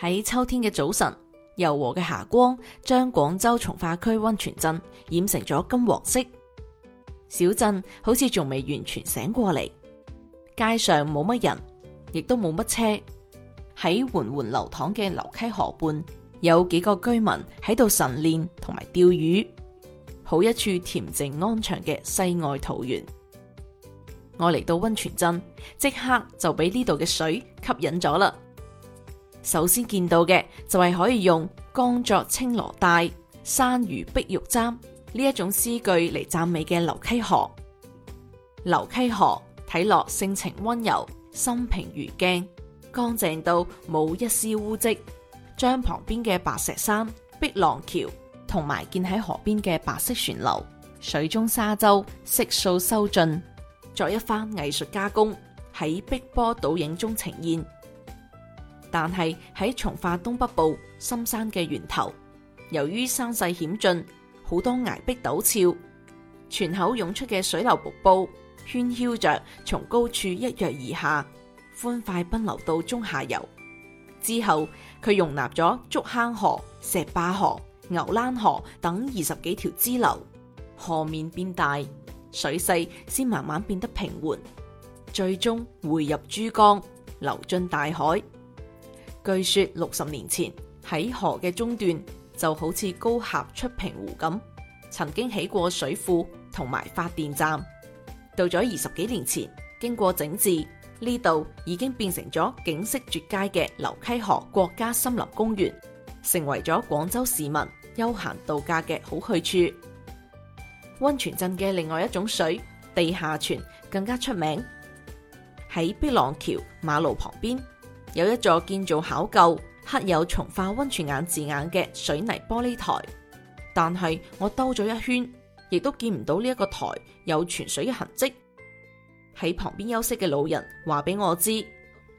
喺秋天嘅早晨，柔和嘅霞光將廣州從化區溫泉鎮染成咗金黃色。小鎮好似仲未完全醒過嚟，街上冇乜人，亦都冇乜車。喺緩緩流淌嘅流溪河畔，有幾個居民喺度晨練同埋釣魚，好一處恬靜安詳嘅世外桃源。我嚟到溫泉鎮，即刻就俾呢度嘅水吸引咗啦。首先見到嘅就係、是、可以用江作青羅帶，山如碧玉簪呢一種詩句嚟讚美嘅流溪河。流溪河睇落性情温柔，心平如鏡，乾淨到冇一絲污迹。將旁邊嘅白石山、碧浪橋同埋建喺河邊嘅白色船流、水中沙洲，色素收盡，作一番藝術加工，喺碧波倒影中呈現。但係喺從化東北部深山嘅源頭，由於山勢險峻，好多崖壁陡峭，泉口湧出嘅水流瀑布喧囂着從高處一躍而下，歡快奔流到中下游之後，佢容納咗竹坑河、石壩河、牛欄河等二十幾條支流，河面變大，水勢先慢慢變得平緩，最終匯入珠江，流進大海。據說六十年前喺河嘅中段就好似高峽出平湖咁，曾經起過水庫同埋發電站。到咗二十幾年前，經過整治，呢度已經變成咗景色絕佳嘅流溪河國家森林公園，成為咗廣州市民休閒度假嘅好去處。溫泉鎮嘅另外一種水——地下泉，更加出名，喺碧浪橋馬路旁邊。有一座建造考究，刻有從化温泉眼字眼嘅水泥玻璃台，但係我兜咗一圈，亦都見唔到呢一個台有泉水嘅痕迹。喺旁邊休息嘅老人話俾我知，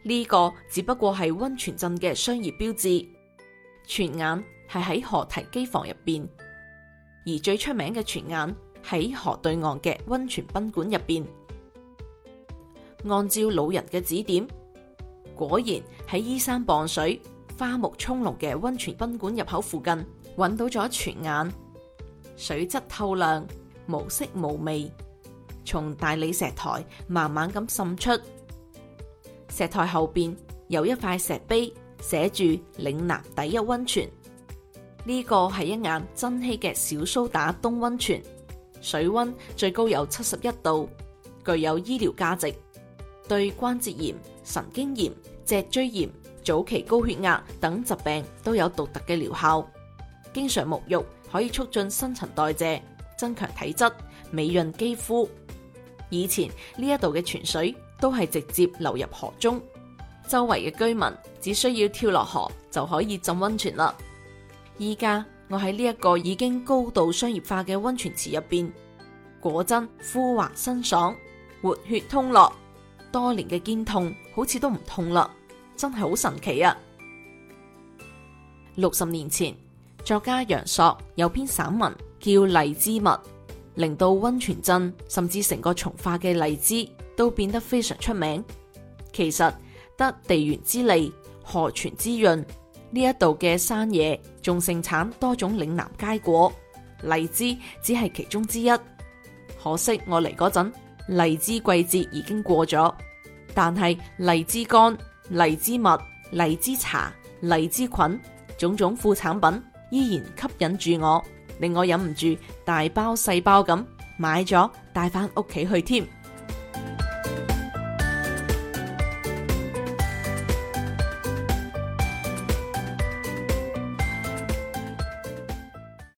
呢個只不過係温泉鎮嘅商業標誌，泉眼係喺河堤機房入邊，而最出名嘅泉眼喺河對岸嘅温泉賓館入邊。按照老人嘅指點。果然喺依山傍水、花木蔥蘢嘅溫泉賓館入口附近，揾到咗泉眼，水質透亮，無色無味，從大理石台慢慢咁滲出。石台後邊有一塊石碑，寫住“嶺南第一溫泉”。呢個係一眼珍稀嘅小蘇打冬溫泉，水溫最高有七十一度，具有醫療價值。對關節炎、神經炎、脊椎炎、早期高血壓等疾病都有獨特嘅療效。經常沐浴可以促進新陳代謝，增強體質，美潤肌膚。以前呢一度嘅泉水都係直接流入河中，周圍嘅居民只需要跳落河就可以浸溫泉啦。依家我喺呢一個已經高度商業化嘅溫泉池入邊，果真膚滑身爽，活血通絡。多年嘅肩痛好似都唔痛啦，真係好神奇啊！六十年前，作家楊朔有篇散文叫《荔枝蜜》，令到溫泉鎮甚至成個從化嘅荔枝都變得非常出名。其實得地緣之利、河泉之潤，呢一度嘅山野仲盛產多種嶺南佳果，荔枝只係其中之一。可惜我嚟嗰陣，荔枝季節已經過咗，但係荔枝乾、荔枝蜜、荔枝茶、荔枝菌種種副產品依然吸引住我，令我忍唔住大包細包咁買咗帶翻屋企去添。